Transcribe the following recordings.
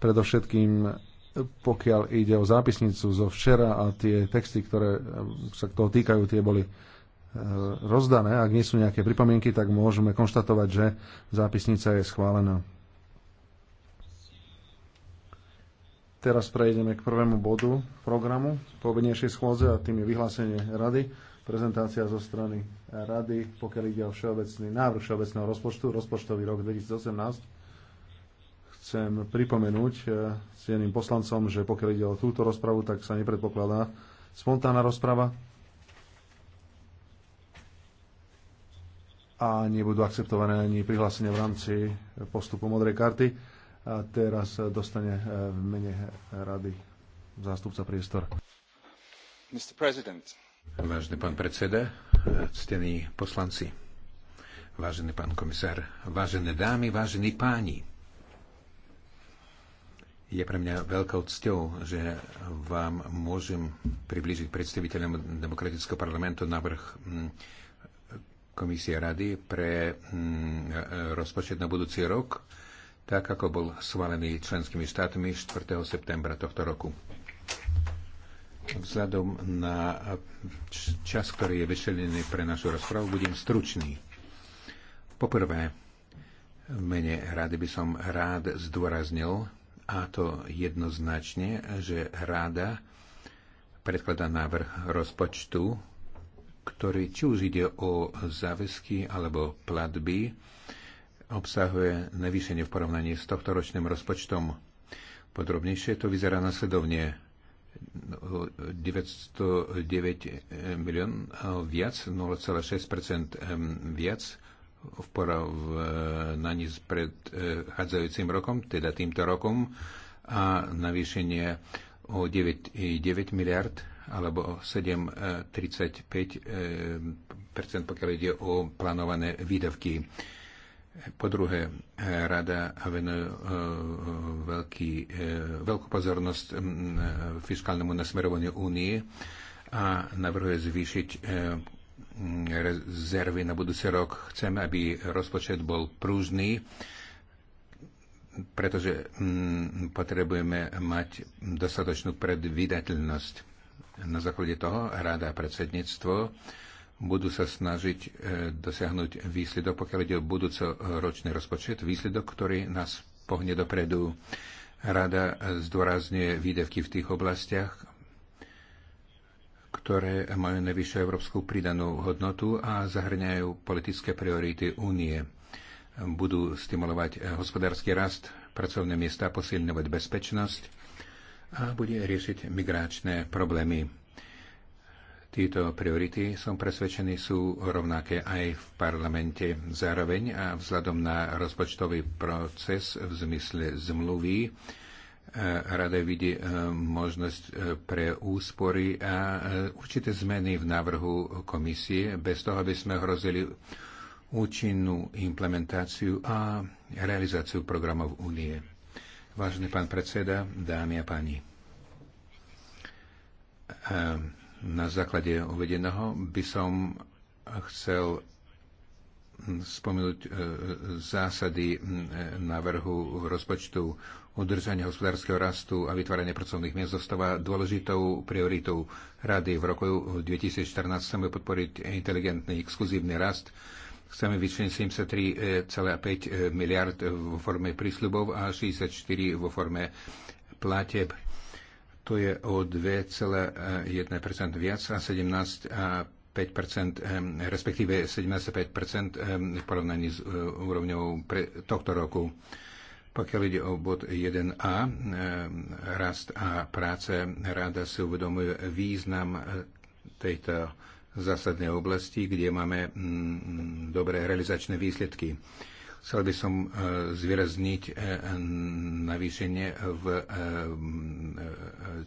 Predovšetkým pokiaľ ide o zápisnicu zo včera a tie texty, ktoré eh, sa k toho týkajú, tie boli eh, rozdané. Ak nie sú nejaké pripomienky, tak môžeme konštatovať, že zápisnica je schválená. Teraz prejdeme k prvému bodu programu povednejšej schôdze a tým je vyhlásenie rady. Prezentácia zo strany rady, pokiaľ ide o všeobecný návrh všeobecného rozpočtu, rozpočtový rok 2018. Chcem pripomenúť e, jedným poslancom, že pokiaľ ide o túto rozpravu, tak sa nepredpokladá spontánna rozprava a nebudú akceptované ani prihlásenia v rámci postupu modrej karty. A teraz dostane e, v mene rady zástupca priestor. Mr. President. Vážený pán predseda, ctení poslanci, vážený pán komisár, vážené dámy, vážení páni. Je pre mňa veľkou cťou, že vám môžem priblížiť predstaviteľom Demokratického parlamentu návrh mm, Komisie Rady pre mm, rozpočet na budúci rok, tak ako bol schválený členskými štátmi 4. septembra tohto roku. Vzhľadom na čas, ktorý je vyšelený pre našu rozpravu, budem stručný. Poprvé, mene rady by som rád zdôraznil, a to jednoznačne, že rada predkladá návrh rozpočtu, ktorý či už ide o záväzky alebo platby, obsahuje nevýšenie v porovnaní s tohto ročným rozpočtom. Podrobnejšie to vyzerá nasledovne. 909 milión viac, 0,6 viac v porovnaní s predchádzajúcim eh, rokom, teda týmto rokom, a navýšenie o 9,9 miliard alebo 7,35 eh, eh, pokiaľ ide o plánované výdavky. Po druhé, rada venuje veľký, veľkú pozornosť mm, fiskálnemu nasmerovaniu únie a navrhuje zvýšiť rezervy na budúci rok. Chcem, aby rozpočet bol prúžný, pretože mm, potrebujeme mať dostatočnú predvydateľnosť. Na základe toho Rada a predsedníctvo budú sa snažiť e, dosiahnuť výsledok, pokiaľ ide o budúco ročný rozpočet, výsledok, ktorý nás pohne dopredu. Rada zdôrazňuje výdevky v tých oblastiach, ktoré majú najvyššiu európsku pridanú hodnotu a zahrňajú politické priority únie. Budú stimulovať hospodársky rast, pracovné miesta, posilňovať bezpečnosť a bude riešiť migračné problémy. Tieto priority, som presvedčený, sú rovnaké aj v parlamente. Zároveň a vzhľadom na rozpočtový proces v zmysle zmluvy, E, rada vidí e, možnosť e, pre úspory a určité zmeny v návrhu komisie, bez toho, aby sme hrozili účinnú implementáciu a realizáciu programov únie. Vážený pán predseda, dámy a páni. Na základe uvedeného by som chcel spomenúť e, zásady e, návrhu rozpočtu udržania hospodárskeho rastu a vytvárania pracovných miest zostáva dôležitou prioritou Rady. V roku 2014 chceme podporiť inteligentný, exkluzívny rast. Chceme vyčleniť 73,5 e, miliard vo forme prísľubov a 64 vo forme plateb. To je o 2,1% viac a 17,5 Ehm, respektíve 75 ehm, v porovnaní s eh, úrovňou pre tohto roku. Pokiaľ ide o bod 1a, ehm, rast a práce, rada si uvedomuje význam eh, tejto zásadnej oblasti, kde máme mm, mm, dobré realizačné výsledky. Chcel by som e, zvýrazniť e, navýšenie v e,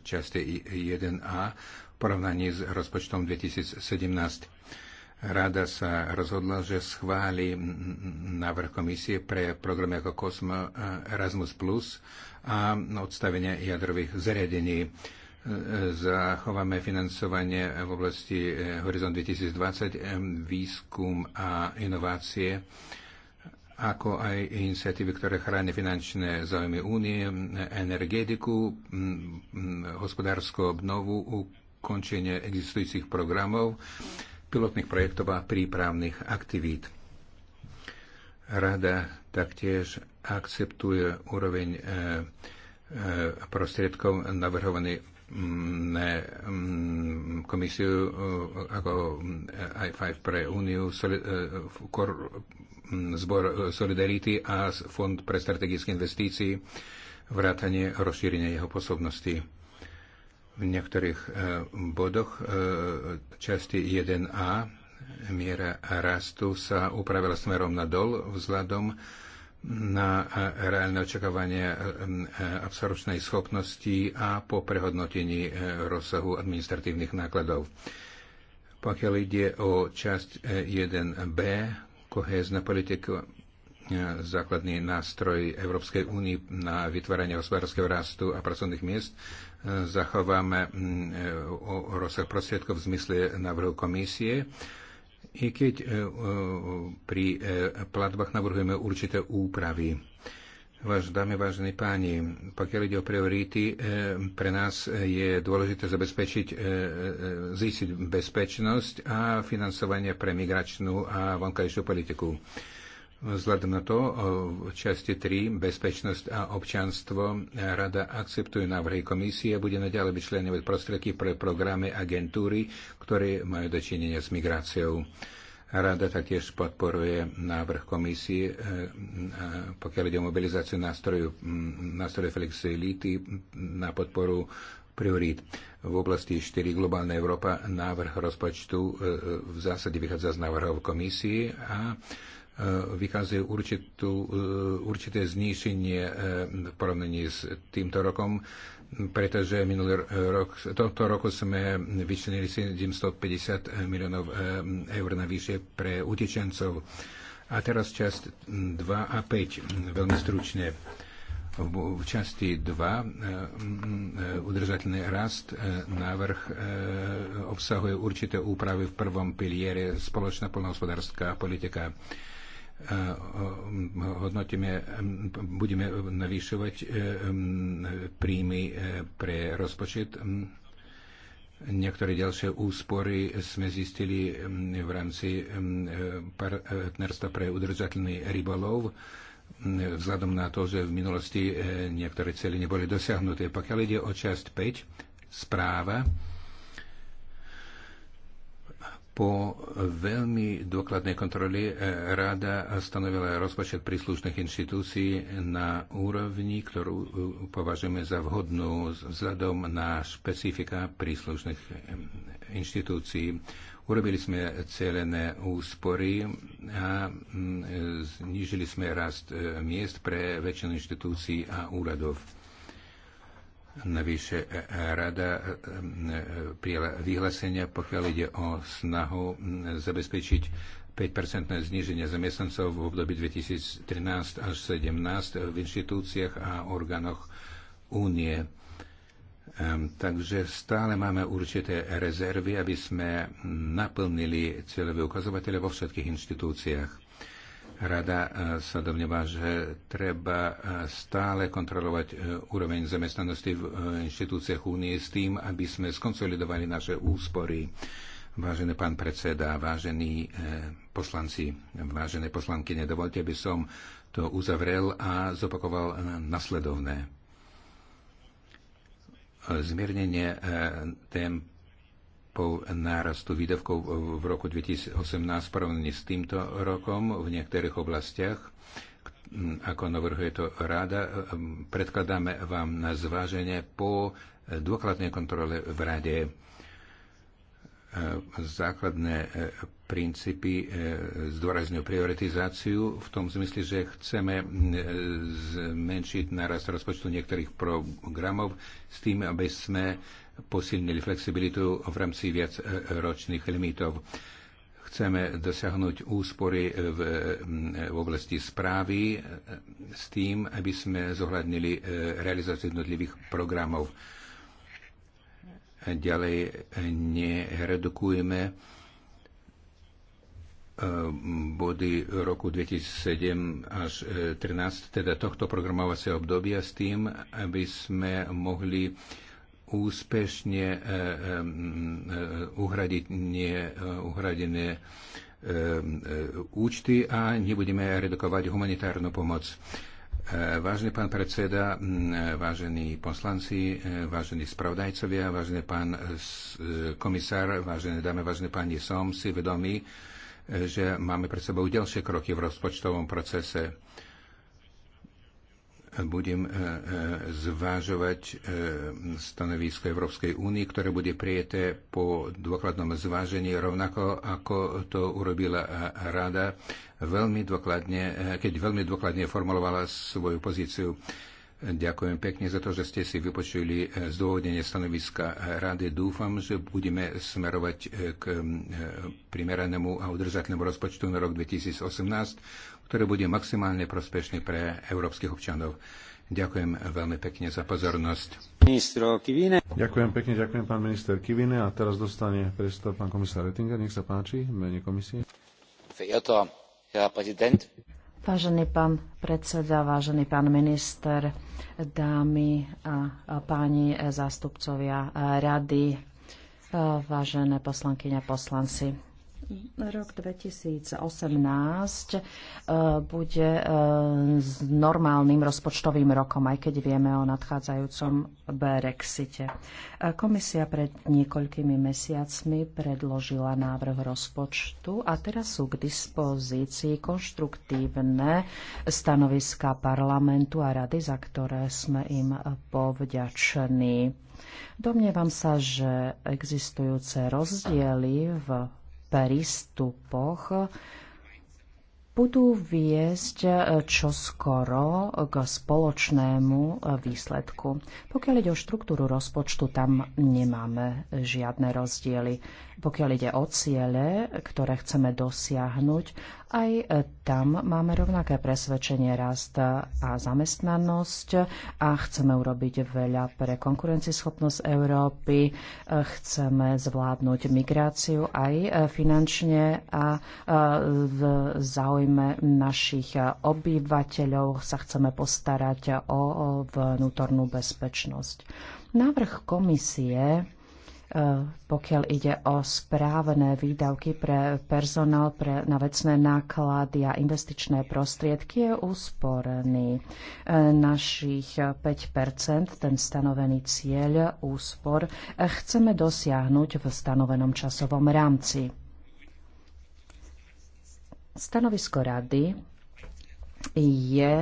časti 1a v porovnaní s rozpočtom 2017. Rada sa rozhodla, že schváli návrh komisie pre programy ako COSMO Erasmus Plus a odstavenie jadrových zariadení zachováme financovanie v oblasti Horizon 2020, výskum a inovácie ako aj iniciatívy, ktoré chráni finančné záujmy únie, energetiku, hospodárskú obnovu, ukončenie existujúcich programov, pilotných projektov a prípravných aktivít. Rada taktiež akceptuje úroveň e, e, prostriedkov navrhovaný komisiu e, ako i5 pre Úniu, Mm, zbor e, Solidarity a Fond pre strategické investície, vrátanie rozšírenia jeho pôsobnosti. V niektorých e, bodoch e, časti 1a miera rastu sa upravila smerom nadol vzhľadom na reálne očakávanie absorpčnej schopnosti a po prehodnotení rozsahu administratívnych nákladov. Pokiaľ ide o časť 1b, kohézna politika e, základný nástroj Európskej únie na vytváranie hospodárskeho rastu a pracovných miest. E, zachováme e, rozsah prostriedkov v zmysle návrhu komisie. I keď pri platbách navrhujeme určité úpravy Váš dámy, vážení páni, pokiaľ ide o priority, eh, pre nás je dôležité zabezpečiť, eh, eh, zistiť bezpečnosť a financovanie pre migračnú a vonkajšiu politiku. Vzhľadom na to, v časti 3, bezpečnosť a občanstvo, rada akceptuje návrhy komisie a bude naďalej vyčlenovať prostriedky pre programy agentúry, ktoré majú dočinenia s migráciou. Rada taktiež podporuje návrh komisie, e, e, pokiaľ ide o mobilizáciu nástrojov, nástrojov flexibility na podporu priorít. V oblasti 4 Globálna Európa návrh rozpočtu e, v zásade vychádza z návrhov komisie a vykazuje určitú, určité zníšenie v porovnaní s týmto rokom pretože minulý rok, tohto roku sme vyčlenili 750 miliónov eh, eur navyše pre utečencov. A teraz časť 2 a 5, veľmi stručne. V časti 2 eh, mm, eh, udržateľný rast návrh obsahuje určité úpravy v prvom piliere spoločná polnohospodárska politika E, hodnotíme, budeme navýšovať e, príjmy e, pre rozpočet. Niektoré ďalšie úspory sme zistili v rámci partnerstva pre udržateľný rybolov vzhľadom na to, že v minulosti niektoré cely neboli dosiahnuté. Pokiaľ ide o časť 5, správa, po veľmi dôkladnej kontroli e, rada stanovila rozpočet príslušných inštitúcií na úrovni, ktorú e, považujeme za vhodnú vzhľadom na špecifika príslušných e, inštitúcií. Urobili sme celené úspory a mm, znižili sme rast miest pre väčšinu inštitúcií a úradov. Navyše e, e, rada e, prijela vyhlásenia, pokiaľ ide o snahu zabezpečiť 5-percentné zníženie zamestnancov v období 2013 až 2017 v inštitúciách a orgánoch únie. Takže stále máme určité rezervy, aby sme naplnili cieľové ukazovatele vo všetkých inštitúciách. Rada e, sa domnieva, že treba e, stále kontrolovať e, úroveň zamestnanosti v inštitúciách únie s tým, aby sme skonsolidovali naše úspory. Vážený pán predseda, vážení poslanci, vážené poslanky, nedovolte, aby som to uzavrel a zopakoval nasledovné. Zmiernenie temp po nárastu výdavkov v roku 2018 porovnaní s týmto rokom v niektorých oblastiach ako navrhuje to rada, predkladáme vám na zváženie po dôkladnej kontrole v rade e, základné e, princípy e, zdôrazňujú prioritizáciu v tom zmysle, že chceme zmenšiť narast rozpočtu niektorých programov s tým, aby sme posilnili flexibilitu v rámci viac e, ročných limitov. Chceme dosiahnuť úspory v, e, v oblasti správy e, s tým, aby sme zohľadnili realizáciu jednotlivých programov. Ďalej neredukujeme body roku 2007 až 2013, teda tohto programovacieho obdobia s tým, aby sme mohli úspešne e, e, e, uhradiť neuhradené účty a nebudeme redukovať humanitárnu pomoc. Vážený pán predseda, vážení poslanci, vážení spravodajcovia, vážený pán komisár, vážené dáme, vážení páni, som si vedomý, že máme pred sebou ďalšie kroky v rozpočtovom procese budem e, e, zvážovať e, stanovisko Európskej únie, ktoré bude prijeté po dôkladnom zvážení, rovnako ako to urobila Rada, veľmi dôkladne, keď veľmi dôkladne formulovala svoju pozíciu. Ďakujem pekne za to, že ste si vypočuli zdôvodnenie stanoviska rady. Dúfam, že budeme smerovať k primeranému a udržateľnému rozpočtu na rok 2018 ktorý bude maximálne prospešný pre európskych občanov. Ďakujem veľmi pekne za pozornosť. Ministro Kivine. Ďakujem pekne, ďakujem pán minister Kivine a teraz dostane priestor pán komisár Rettinger. Nech sa páči, mene komisie. Vážený pán predseda, vážený pán minister, dámy a páni zástupcovia rady, vážené poslankyne a poslanci. Rok 2018 e, bude e, s normálnym rozpočtovým rokom, aj keď vieme o nadchádzajúcom Brexite. E, komisia pred niekoľkými mesiacmi predložila návrh rozpočtu a teraz sú k dispozícii konštruktívne stanoviska parlamentu a rady, za ktoré sme im povďační. Domnievam sa, že existujúce rozdiely v prístupoch budú viesť e, čoskoro k spoločnému e, výsledku. Pokiaľ ide o štruktúru rozpočtu, tam nemáme žiadne rozdiely pokiaľ ide o ciele, ktoré chceme dosiahnuť, aj tam máme rovnaké presvedčenie rast a zamestnanosť a chceme urobiť veľa pre konkurencieschopnosť Európy, chceme zvládnuť migráciu aj finančne a v záujme našich obyvateľov sa chceme postarať o vnútornú bezpečnosť. Návrh komisie E, pokiaľ ide o správne výdavky pre personál pre, na vecné náklady a investičné prostriedky, je úsporný. E, našich 5 ten stanovený cieľ úspor, e, chceme dosiahnuť v stanovenom časovom rámci. Stanovisko rady je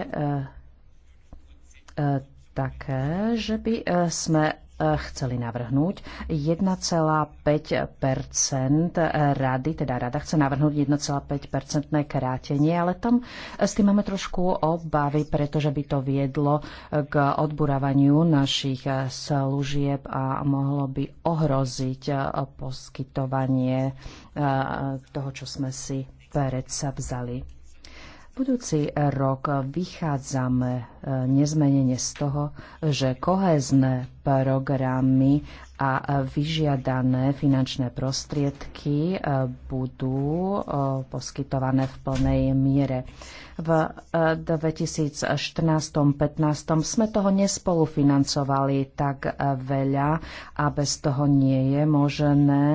také, že by sme Eh, chceli navrhnúť 1,5 rady, teda rada chce navrhnúť 1,5 krátenie, ale tam eh, s tým máme trošku obavy, pretože by to viedlo eh, k odburávaniu našich služieb a mohlo by ohroziť poskytovanie toho, čo sme si predsa vzali. Budúci rok vychádzame e, nezmenene z toho, že kohézne programy a e, vyžiadané finančné prostriedky e, budú poskytované v plnej miere. V 2014 2015 sme toho nespolufinancovali tak veľa a bez toho nie je možné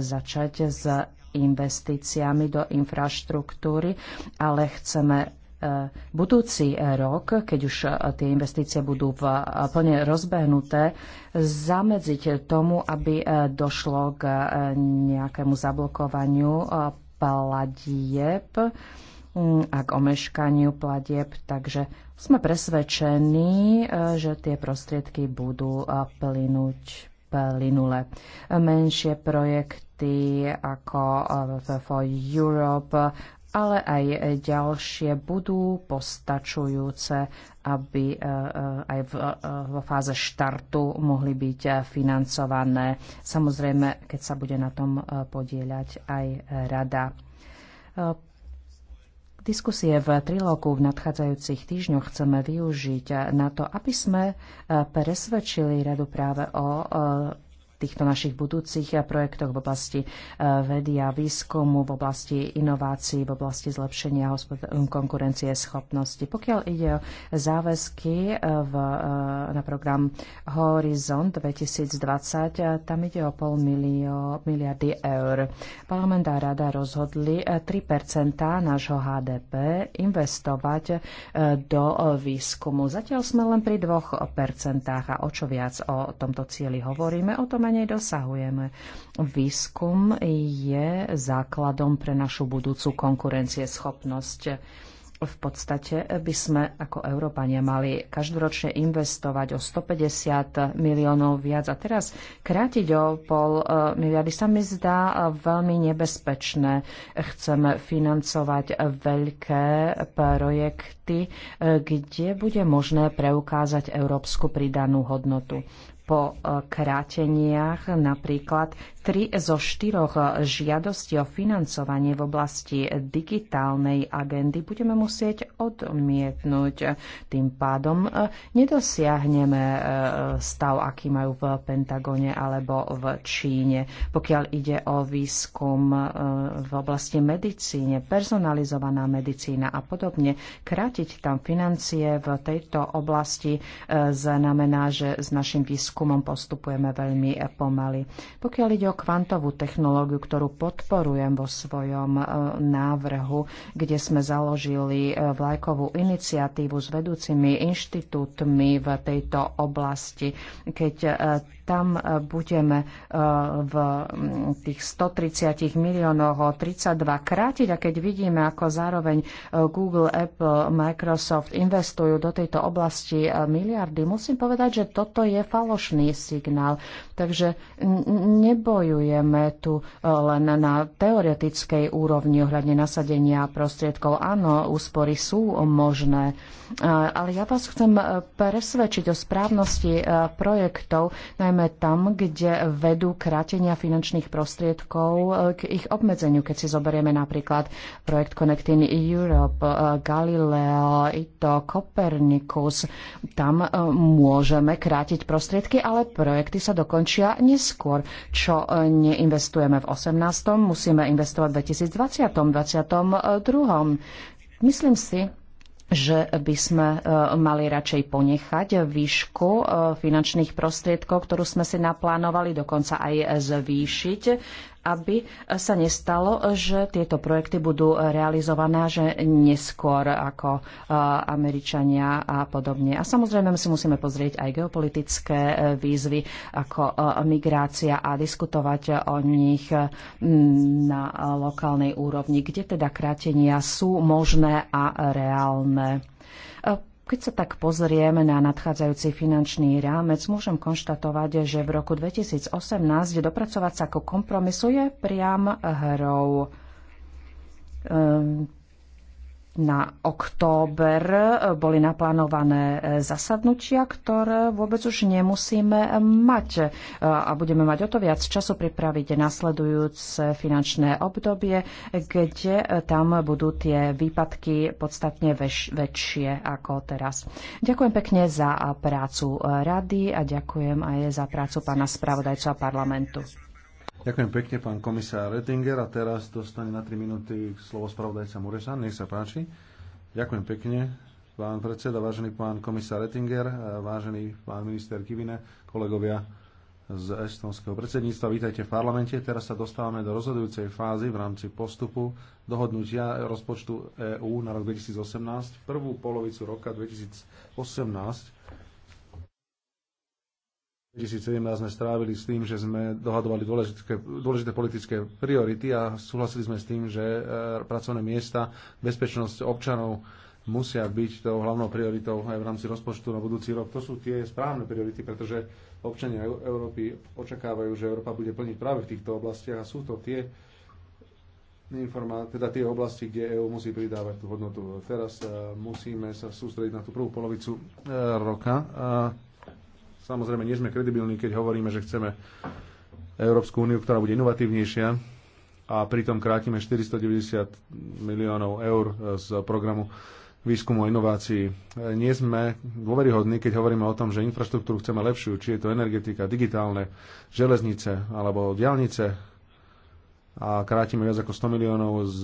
začať s investíciami do infraštruktúry, ale chceme e, budúci rok, keď už e, tie investície budú v, e, plne rozbehnuté, zamedziť tomu, aby došlo k nejakému zablokovaniu pladieb a k omeškaniu platieb, takže sme presvedčení, že tie prostriedky budú plynúť plynule. Menšie projekty štáty ako eh, for Europe, ale aj ďalšie budú postačujúce, aby eh, eh, aj vo fáze štartu mohli byť financované. Samozrejme, keď sa bude na tom podieľať aj rada. Diskusie v triloku v nadchádzajúcich týždňoch chceme využiť na to, aby sme presvedčili radu práve o týchto našich budúcich projektoch v oblasti e, vedy a výskumu, v oblasti inovácií, v oblasti zlepšenia um, konkurencie schopnosti. Pokiaľ ide o záväzky e, v, e, na program Horizont 2020, tam ide o pol milio, miliardy eur. Parlament a rada rozhodli 3 nášho HDP investovať do výskumu. Zatiaľ sme len pri 2 a o čo viac o tomto cieli hovoríme, o tom nej dosahujeme. Výskum je základom pre našu budúcu konkurencieschopnosť v podstate by sme ako Európania mali každoročne investovať o 150 miliónov viac a teraz krátiť o pol e, miliardy sa mi zdá veľmi nebezpečné. Chceme financovať veľké projekty, e, kde bude možné preukázať európsku pridanú hodnotu po eh, kráteniach, napríklad Tri zo štyroch žiadostí o financovanie v oblasti digitálnej agendy budeme musieť odmietnúť. Tým pádom e, nedosiahneme e, stav, aký majú v Pentagone alebo v Číne. Pokiaľ ide o výskum e, v oblasti medicíne, personalizovaná medicína a podobne, krátiť tam financie v tejto oblasti znamená, že s našim výskumom postupujeme veľmi pomaly. Pokiaľ ide o kvantovú technológiu, ktorú podporujem vo svojom e, návrhu, kde sme založili e, vlajkovú iniciatívu s vedúcimi inštitútmi v tejto oblasti, keď e, tam e, budeme e, v tých 130 miliónoch o 32 krátiť a keď vidíme, ako zároveň e, Google, Apple, Microsoft investujú do tejto oblasti miliardy, musím povedať, že toto je falošný signál. Takže nebojujeme tu len na teoretickej úrovni ohľadne nasadenia prostriedkov. Áno, úspory sú možné, ale ja vás chcem presvedčiť o správnosti projektov, najmä najmä tam, kde vedú krátenia finančných prostriedkov e, k ich obmedzeniu. Keď si zoberieme napríklad projekt Connecting Europe, e, Galileo, ITO, Copernicus, tam e, môžeme krátiť prostriedky, ale projekty sa dokončia neskôr. Čo neinvestujeme v 18., musíme investovať v 2020, 2022. Myslím si, že by sme e, mali radšej ponechať výšku e, finančných prostriedkov, ktorú sme si naplánovali, dokonca aj zvýšiť aby sa nestalo, že tieto projekty budú realizované že neskôr ako e, Američania a podobne. A samozrejme my si musíme pozrieť aj geopolitické e, výzvy ako e, migrácia a diskutovať o nich na lokálnej úrovni, kde teda krátenia sú možné a reálne. Keď sa tak pozrieme na nadchádzajúci finančný rámec, môžem konštatovať, že v roku 2018 dopracovať sa ku kompromisu je priam hrou. Ehm, na október boli naplánované zasadnutia, ktoré vôbec už nemusíme mať. A budeme mať o to viac času pripraviť nasledujúce finančné obdobie, kde tam budú tie výpadky podstatne väč- väčšie ako teraz. Ďakujem pekne za prácu rady a ďakujem aj za prácu pána spravodajca parlamentu. Ďakujem pekne, pán komisár Rettinger. A teraz dostane na 3 minúty slovo spravodajca Muresan. Nech sa páči. Ďakujem pekne, pán predseda, vážený pán komisár Rettinger, vážený pán minister Kivine, kolegovia z estonského predsedníctva. Vítajte v parlamente. Teraz sa dostávame do rozhodujúcej fázy v rámci postupu dohodnutia rozpočtu EÚ na rok 2018. Prvú polovicu roka 2018 2017 sme strávili s tým, že sme dohadovali dôležité, dôležité politické priority a súhlasili sme s tým, že e, pracovné miesta, bezpečnosť občanov musia byť tou hlavnou prioritou aj v rámci rozpočtu na budúci rok. To sú tie správne priority, pretože občania Európy očakávajú, že Európa bude plniť práve v týchto oblastiach a sú to tie, teda tie oblasti, kde EÚ musí pridávať tú hodnotu. Teraz e, musíme sa sústrediť na tú prvú polovicu e, roka. Samozrejme, nie sme kredibilní, keď hovoríme, že chceme Európsku úniu, ktorá bude inovatívnejšia a pritom krátime 490 miliónov eur z programu výskumu a inovácií. Nie sme dôveryhodní, keď hovoríme o tom, že infraštruktúru chceme lepšiu, či je to energetika, digitálne, železnice alebo diálnice a krátime viac ako 100 miliónov z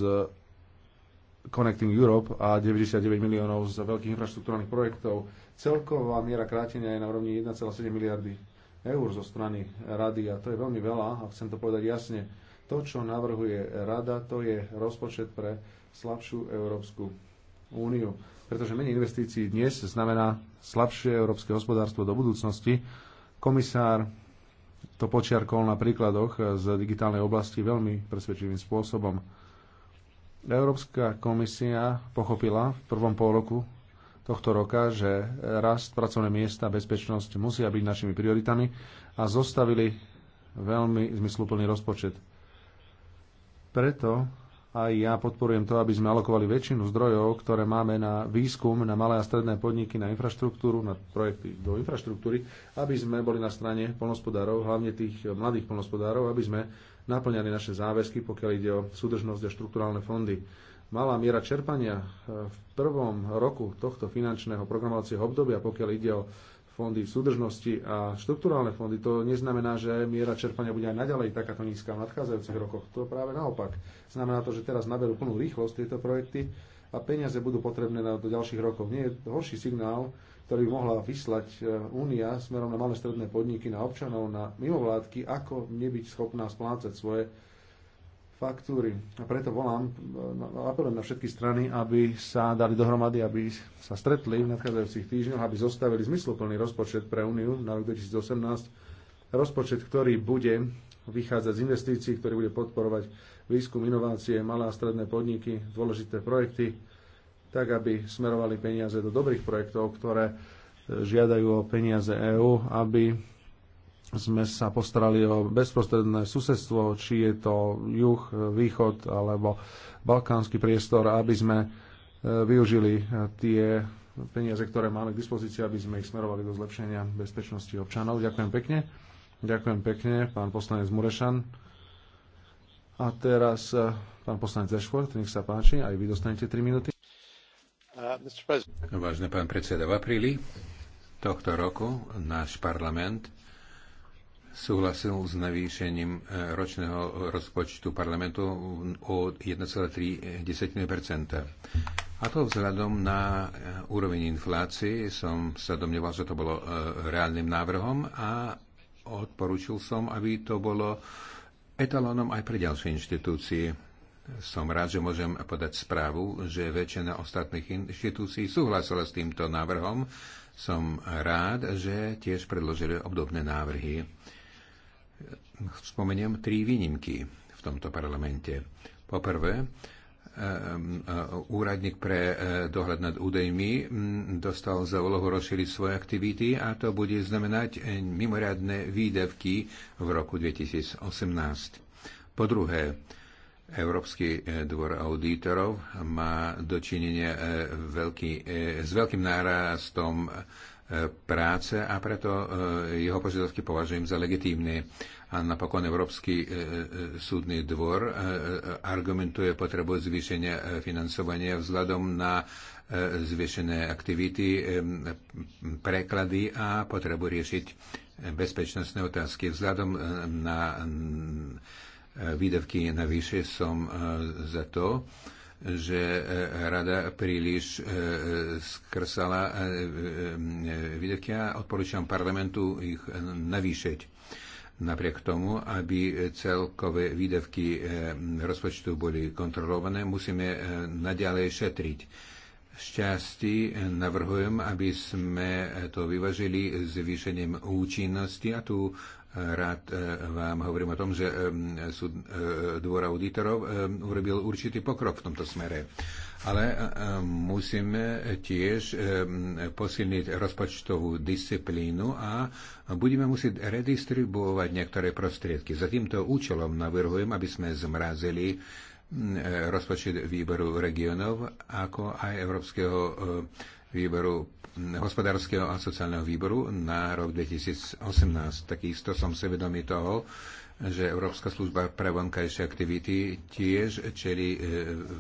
Connecting Europe a 99 miliónov z veľkých infraštruktúrnych projektov Celková miera krátenia je na úrovni 1,7 miliardy eur zo strany rady a to je veľmi veľa a chcem to povedať jasne. To, čo navrhuje rada, to je rozpočet pre slabšiu Európsku úniu. Pretože menej investícií dnes znamená slabšie európske hospodárstvo do budúcnosti. Komisár to počiarkol na príkladoch z digitálnej oblasti veľmi presvedčivým spôsobom. Európska komisia pochopila v prvom pol roku tohto roka, že rast, pracovné miesta, bezpečnosť musia byť našimi prioritami a zostavili veľmi zmysluplný rozpočet. Preto aj ja podporujem to, aby sme alokovali väčšinu zdrojov, ktoré máme na výskum, na malé a stredné podniky, na infraštruktúru, na projekty do infraštruktúry, aby sme boli na strane polnospodárov, hlavne tých mladých polnospodárov, aby sme naplňali naše záväzky, pokiaľ ide o súdržnosť a štrukturálne fondy malá miera čerpania e, v prvom roku tohto finančného programovacieho obdobia, pokiaľ ide o fondy súdržnosti a štrukturálne fondy, to neznamená, že miera čerpania bude aj naďalej takáto nízka v nadchádzajúcich rokoch. To práve naopak. Znamená to, že teraz naberú plnú rýchlosť tieto projekty a peniaze budú potrebné na, do ďalších rokov. Nie je horší signál, ktorý by mohla vyslať e, Únia smerom na malé stredné podniky, na občanov, na mimovládky, ako nebyť schopná splácať svoje faktúry. A preto volám, no, apelujem na všetky strany, aby sa dali dohromady, aby sa stretli v nadchádzajúcich týždňoch, aby zostavili zmysluplný rozpočet pre Úniu na rok 2018. Rozpočet, ktorý bude vychádzať z investícií, ktorý bude podporovať výskum, inovácie, malé a stredné podniky, dôležité projekty, tak aby smerovali peniaze do dobrých projektov, ktoré e, žiadajú o peniaze EÚ, aby sme sa postarali o bezprostredné susedstvo, či je to juh, východ alebo balkánsky priestor, aby sme e, využili e, tie peniaze, ktoré máme k dispozícii, aby sme ich smerovali do zlepšenia bezpečnosti občanov. Ďakujem pekne. Ďakujem pekne, pán poslanec Murešan. A teraz e, pán poslanec Ešford, nech sa páči, aj vy dostanete 3 minúty. Uh, Vážne pán predseda, v apríli tohto roku náš parlament súhlasil s navýšením e, ročného rozpočtu parlamentu o 1,3 A to vzhľadom na e, úroveň inflácie som sa domnieval, že to bolo e, reálnym návrhom a odporúčil som, aby to bolo etalónom aj pre ďalšie inštitúcie. Som rád, že môžem podať správu, že väčšina ostatných inštitúcií súhlasila s týmto návrhom. Som rád, že tiež predložili obdobné návrhy spomeniem tri výnimky v tomto parlamente. Poprvé, e, e, úradník pre e, dohľad nad údejmi dostal za úlohu rozšíriť svoje aktivity a to bude znamenať mimoriadne výdavky v roku 2018. Po druhé, Európsky dvor auditorov má dočinenie veľký, s veľkým nárastom práce a preto e, jeho požiadavky považujem za legitímne. A napokon Európsky e, e, súdny dvor argumentuje potrebu zvýšenia financovania vzhľadom na zvýšené aktivity, preklady a potrebu riešiť bezpečnostné otázky. Vzhľadom na výdavky navyše som za to, že e, rada príliš e, skrsala e, výdavky a odporúčam parlamentu ich navýšiť. Napriek tomu, aby celkové výdavky rozpočtu boli kontrolované, musíme naďalej šetriť. Šťastí navrhujem, aby sme to vyvažili zvýšením účinnosti a tu Rád e, vám hovorím o tom, že e, súd e, dvora auditorov urobil určitý pokrok v tomto smere. Ale musíme tiež posilniť rozpočtovú disciplínu a budeme musieť redistribuovať niektoré prostriedky. Za týmto účelom navrhujem, aby sme zmrazili rozpočet výboru regionov, ako aj Európskeho výboru hospodárskeho a sociálneho výboru na rok 2018. Takisto som si vedomý toho, že Európska služba pre vonkajšie aktivity tiež čeli e,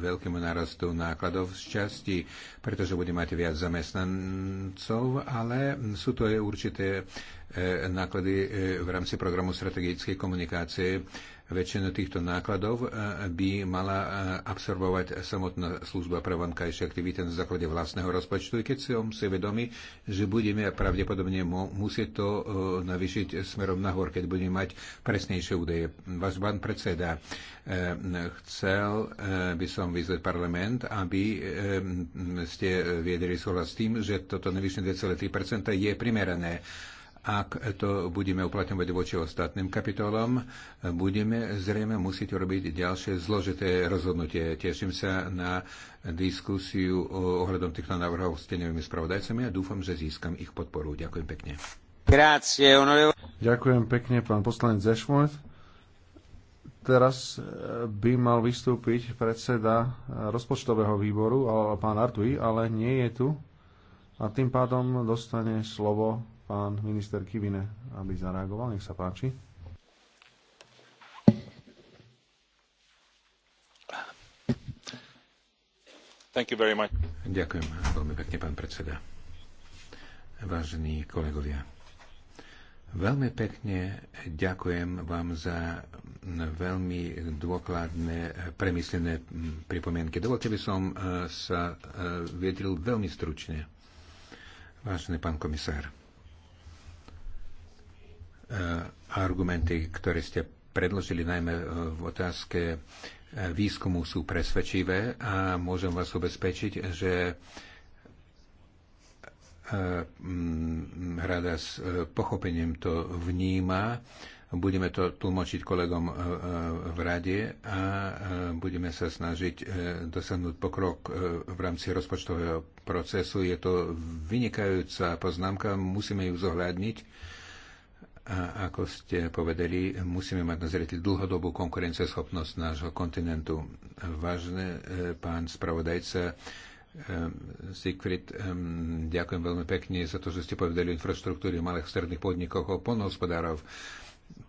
veľkému nárastu nákladov z časti, pretože bude mať viac zamestnancov, ale sú to aj určité e, náklady e, v rámci programu strategickej komunikácie Väčšinu týchto nákladov e, by mala e, absorbovať samotná služba pre vonkajšie aktivity na základe vlastného rozpočtu, keď som si vedomí, že budeme pravdepodobne musieť to e, navýšiť smerom nahor, keď budeme mať presnejšie údaje. Váš pán predseda, chcel by som vyzvať parlament, aby ste viedeli súhlas s tým, že toto navýšenie 2,3% je primerané. Ak to budeme uplatňovať voči ostatným kapitolom, budeme zrejme musieť urobiť ďalšie zložité rozhodnutie. Teším sa na diskusiu ohľadom týchto návrhov s tenovými spravodajcami a dúfam, že získam ich podporu. Ďakujem pekne. Grazie, onorevo... Ďakujem pekne, pán poslanec Zešmoet. Teraz eh, by mal vystúpiť predseda eh, rozpočtového výboru, pán Artuji, ale nie je tu. A tým pádom dostane slovo pán minister Kivine, aby zareagoval. Nech sa páči. Thank you very much. Ďakujem veľmi pekne, pán predseda. Vážení kolegovia, veľmi pekne ďakujem vám za veľmi dôkladné, premyslené pripomienky. Dovolte by som eh, sa eh, viedril veľmi stručne. Vážený pán komisár, Eh, argumenty, ktoré ste predložili najmä eh, v otázke eh, výskumu, sú presvedčivé a môžem vás ubezpečiť, že mm, rada s pochopením to vníma. Budeme to tlmočiť kolegom v rade a budeme sa snažiť dosadnúť pokrok v rámci rozpočtového procesu. Je to vynikajúca poznámka, musíme ju zohľadniť a ako ste povedali, musíme mať na zreteli dlhodobú konkurencieschopnosť nášho kontinentu. Vážne, e, pán spravodajca, e, Siegfried, e, ďakujem veľmi pekne za to, že ste povedali o infraštruktúre malých stredných podnikov, o polnohospodárov.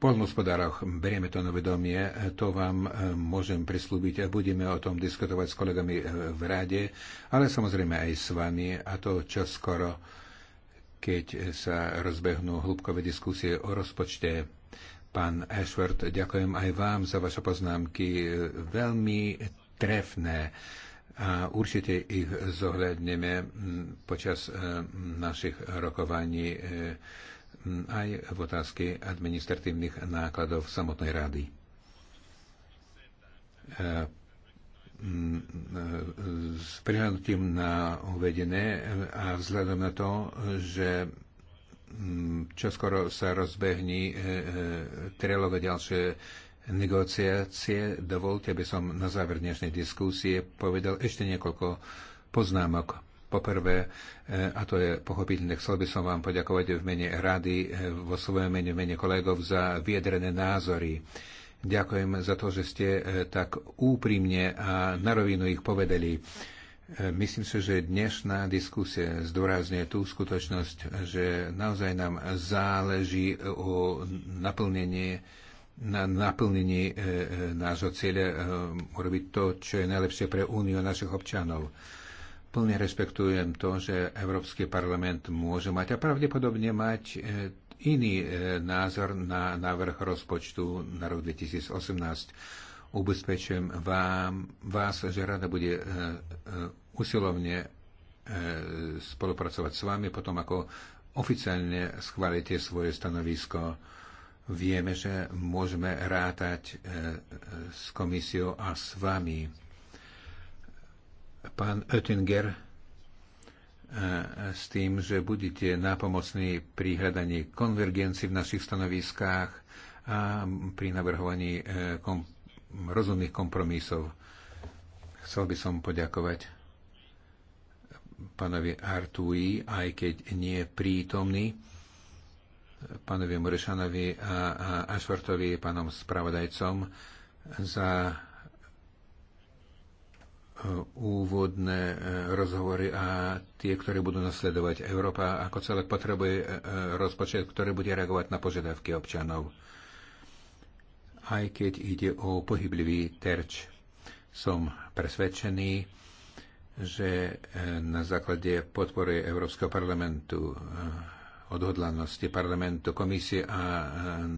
Polnohospodároch berieme to na vedomie, to vám môžem prislúbiť a budeme o tom diskutovať s kolegami v rade, ale samozrejme aj s vami a to čoskoro skoro keď sa rozbehnú hĺbkové diskusie o rozpočte. Pán Ashford, ďakujem aj vám za vaše poznámky. Veľmi trefné a určite ich zohľadneme mm, počas e, našich rokovaní e, mm, aj v otázke administratívnych nákladov samotnej rady. E, s prihľadnutím na uvedené a vzhľadom na to, že mm, čoskoro sa rozbehní e, e, trelové ďalšie negociácie, dovolte, aby som na záver dnešnej diskusie povedal ešte niekoľko poznámok. Poprvé, e, a to je pochopiteľné, chcel by som vám poďakovať v mene rady, vo svojom mene, v mene kolegov za viedrené názory. Ďakujem za to, že ste e, tak úprimne a na rovinu ich povedali. E, myslím si, že dnešná diskusia zdôrazňuje tú skutočnosť, že naozaj nám záleží o naplnenie na naplnení e, nášho cieľa e, urobiť to, čo je najlepšie pre úniu našich občanov. Plne rešpektujem to, že Európsky parlament môže mať a pravdepodobne mať iný e, názor na návrh rozpočtu na rok 2018. Ubezpečujem vám, vás, že rada bude e, e, usilovne spolupracovať s vami, potom ako oficiálne schválite svoje stanovisko. Vieme, že môžeme rátať s komisiou a s vami. Pán Oettinger, E, s tým, že budete nápomocní pri hľadaní konvergencii v našich stanoviskách a pri navrhovaní e, kom- rozumných kompromisov. Chcel by som poďakovať pánovi Artui, aj keď nie prítomný, pánovi Morešanovi a, a Ašvartovi, pánom spravodajcom, za úvodné e, rozhovory a tie, ktoré budú nasledovať. Európa ako celé potrebuje e, e, rozpočet, ktorý bude reagovať na požiadavky občanov. Aj keď ide o pohyblivý terč, som presvedčený, že na základe podpory Európskeho parlamentu, odhodlanosti parlamentu, komisie a